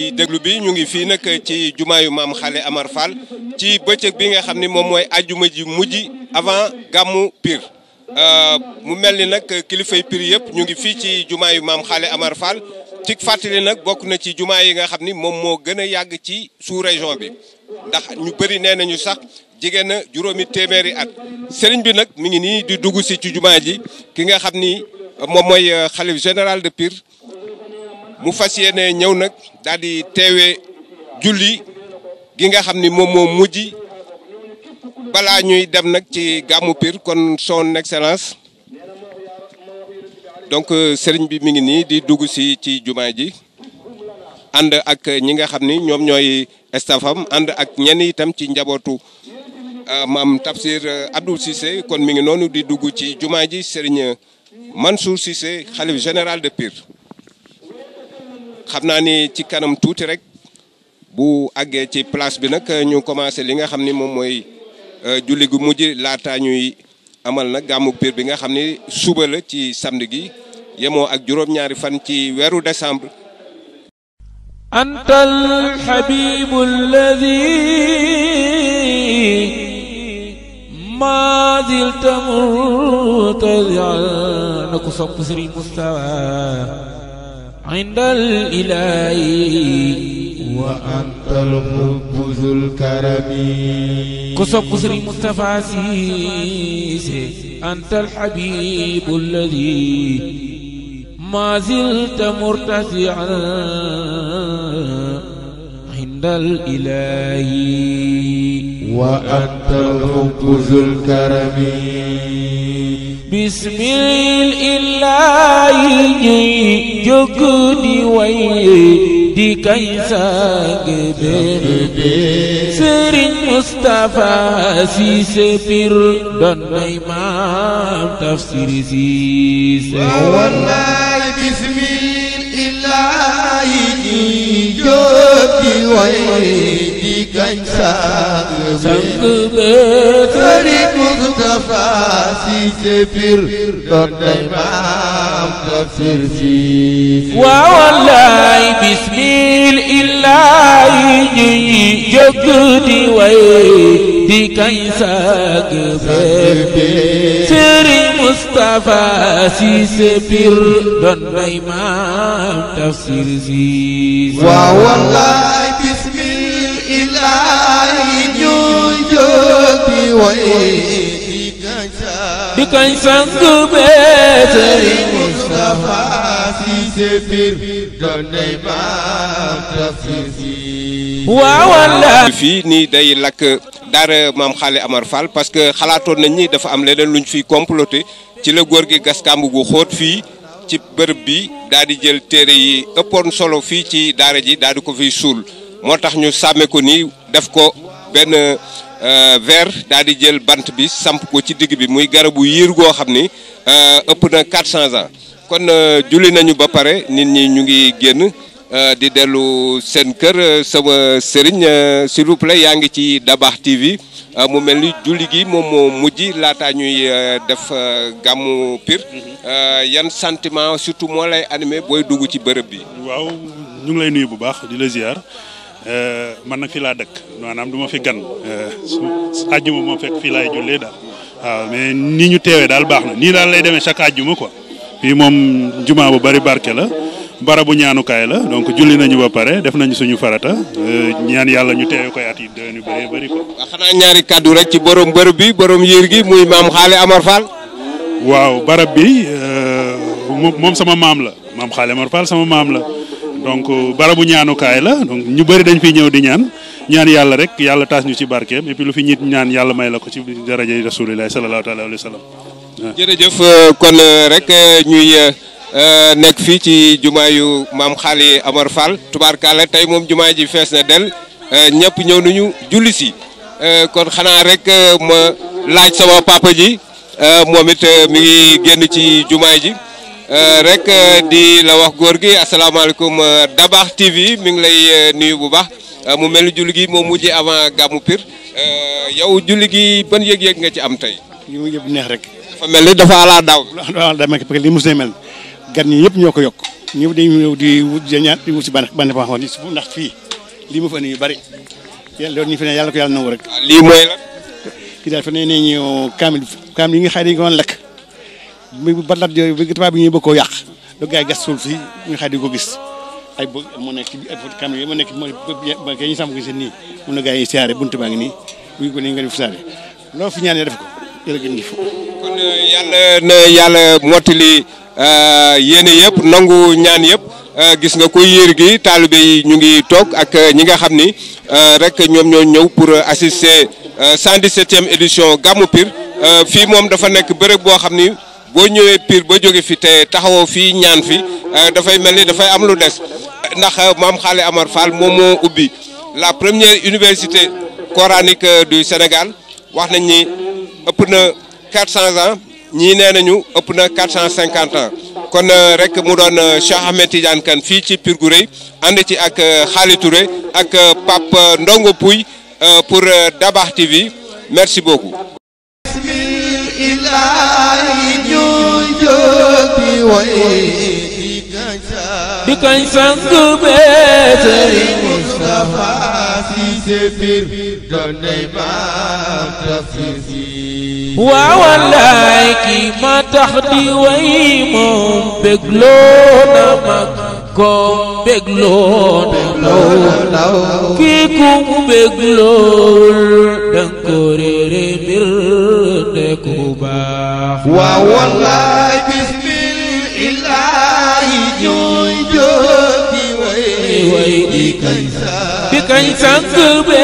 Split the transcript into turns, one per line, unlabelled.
ci déglu bi ñu ngi fii nag ci jumaayu maam xale Amar ci bëccëg bi nga xam ni moom mooy juma ji mujj avant gàmmu Pire. Euh, mu mel ni nag kilifay piir yëpp ñu ngi fii ci jumaayu maam xale Amar Fall ci fàttali nag bokk na ci jumaa yi nga xam ni moom moo gën a yàgg ci sous région bi ndax ñu bëri nee nañu sax. jigéen na juróomi téeméeri at sëriñ bi nag mi ngi nii di dugg si ci jumaa ji ki nga xam ni moom mooy euh, xalif général de piir mu fas yéene ñëw nag daal di teewee julli gi nga xam ni moom moo mujj balaa ñuy dem nag ci gàmmu Pire kon son excellence donc euh, sëriñ bi mi ngi nii di dugg si ci jumaa ji ànd ak ñi nga xam ni ñoom ñooy stafam ànd ak ñenn itam ci njabootu euh, maam Tafsir euh, Abdou Cissé kon mi ngi noonu di dugg ci jumaa ji sëriñ Mansour Cissé xalif général de Pire. xamnaa ni ci kanam tuuti rek bu àggee ci place bi nag ñu commencé li nga xam ni moom mooy julli gu mujj laata ñuy amal nak gamu biir bi nga xam ni suba la ci samedi gi yemoo ak juróom-ñaari fan ci weeru décembre أنت الحبيب الذي
ما زلت مرتضعا نكسب سري مستوى عند الإله وأنت الحب ذو الكرم قصب قصر المصطفى أنت الحبيب الذي ما زلت مرتزعا hindal ilahi wa antal karami bismil ilahi jugu waye di kaisang berde sering mustafa si sepir dan imam tafsir si wallahi bismil ilahi jugu di way di kañ sang bi Sëriñ Moustapha Cissé Pir doon day maam Tafsir Si
waa wallaay
bismil illaahi ñuy jóg di way di kañ sang bi Moustapha Cissé Pir doon nay maam Tafsir Cissé waaw wallaay bismillaahi ñu jóg di way di kañ sang bee Sëriñ Moustapha ci biir doonay maam tafsir
fii nii day lakk daara maam xaale Amar Fall parce que xalaatoon nañ ni dafa am leneen luñ fiy comploté ci la góor gi gas kàmb xoot xóot fii ci bërëb bi daal di jël téere yi ëppoon solo fii ci daara ji daal di ko fi suul moo tax ñu sàmme ko nii def ko benn euh, verre daal jël bant bi samp ko ci digg bi muy garabu yiir goo xam ni euh, ëpp na 400 ans. kon euh, julli nañu ba pare nit ñi ñu ngi génn euh, di dellu seen kër euh, sama sëriñ s'il vous plaît yaa ngi ci Dabakh TV mu mel ni julli gi moom moo mujj laataa ñuy def gàmmu Pire yan sentiment surtout moo lay animé booy dugg ci bërëb bi. waaw ñu ngi lay nuyu bu baax di la ziar. man na fii laa dëkk maanaam du ma fi gan àjjuma moo fekk fii laay jullee daal waaw mais nii ñu teewee daal baax na nii daal lay demee chaque àjjuma ko fi mom juma bu bari barke la barabu ñaanu kay la donc julli nañu ba paré def nañu suñu farata euh, ñaan yalla ñu téyé ko yaati
de ñu bari bari ko
xana ñaari cadeau rek ci borom bër bi borom yër gi muy mam xalé amar fall waaw barab bi euh, mom sama mam la mam xalé amar fall sama mam la donc barabu ñaanu kay la donc ñu bari dañ fi ñëw di ñaan ñaan yalla rek yalla tass ñu ci barkem et puis lu fi ñit ñaan yalla may la ko ci daraaje rasulullah sallallahu alaihi wasallam jërëjëf kon euh, rek euh, ñuy euh, nekk fii ci jumaa yu maam xaali Amar Fall tubaarkaale tey moom jumaa ji fees na del ñëpp ñëw nañu julli si kon xanaa rek ma laaj sama papa ji moom it mi ngi génn ci jumaa ji rek di la wax góor gi asalaamaaleykum Dabakh TV mi ngi lay nuyu bu baax mu mel ni julli gi moom mujj avant gàmmu Pire yow julli gi ban yëg-yëg nga ci am tey. yu yëpp neex rek. dafa mel ni dafa ala daaw. waaw daa yëpp ñoo ko yokk ñëw dañuy ñëw di wut di ñaan di wut si bànn bànn boo xam ndax fa yu bari yàlla loolu ñu ne yàlla ko yàlla nangu rek. Ah, lii mooy la. ne nee ñu kaamil kaamil yi nga xay ko woon lakk muy ba lat yooyu bi tubaab bi ñuy bëgg koo yàq lu gas suul fii nga xay ko gis ay bë mu nekk ay kaamil yi mu nekk mooy ba kay ñu sàmm ko seen nii mun na gaa yi siyaare buntu baa ngi nii bu ñu ko nii loolu fi ñaan def ko kon euh, yàlla na yàlla mottali euh, yéene yëpp nangu ñaan yëpp euh, gis nga ko yéer gi taalibe yi ñu ngi toog ak ñi nga xam ni rek ñoom ñoo ñëw pour assister 117e édition Gamou Pire fii moom dafa nekk bërëb boo xam ni boo ñëwee piir ba jóge fi te taxawoo fii ñaan fi dafay mel ni dafay am lu des ndax maam Xaale Amar Fall moom moo ubbi la première université coranique du Sénégal wax nañ ëpp na 400 ans ñi nénañu ëpp na 450 ans kon euh, rek mu doon euh, Cheikh Ahmed Tidiane kan fi ci Pire and ci ak euh, Khali Touré ak Pape Ndongo Pouy pour Dabakh TV merci beaucoup. di
koy sang bee Serigne Moustapha si se biir doon nay maam waawalaay ki ma tax di way moom bégloo na mag koom bégloo na ndaw kii ku mu bégloowul danga ko réere mbir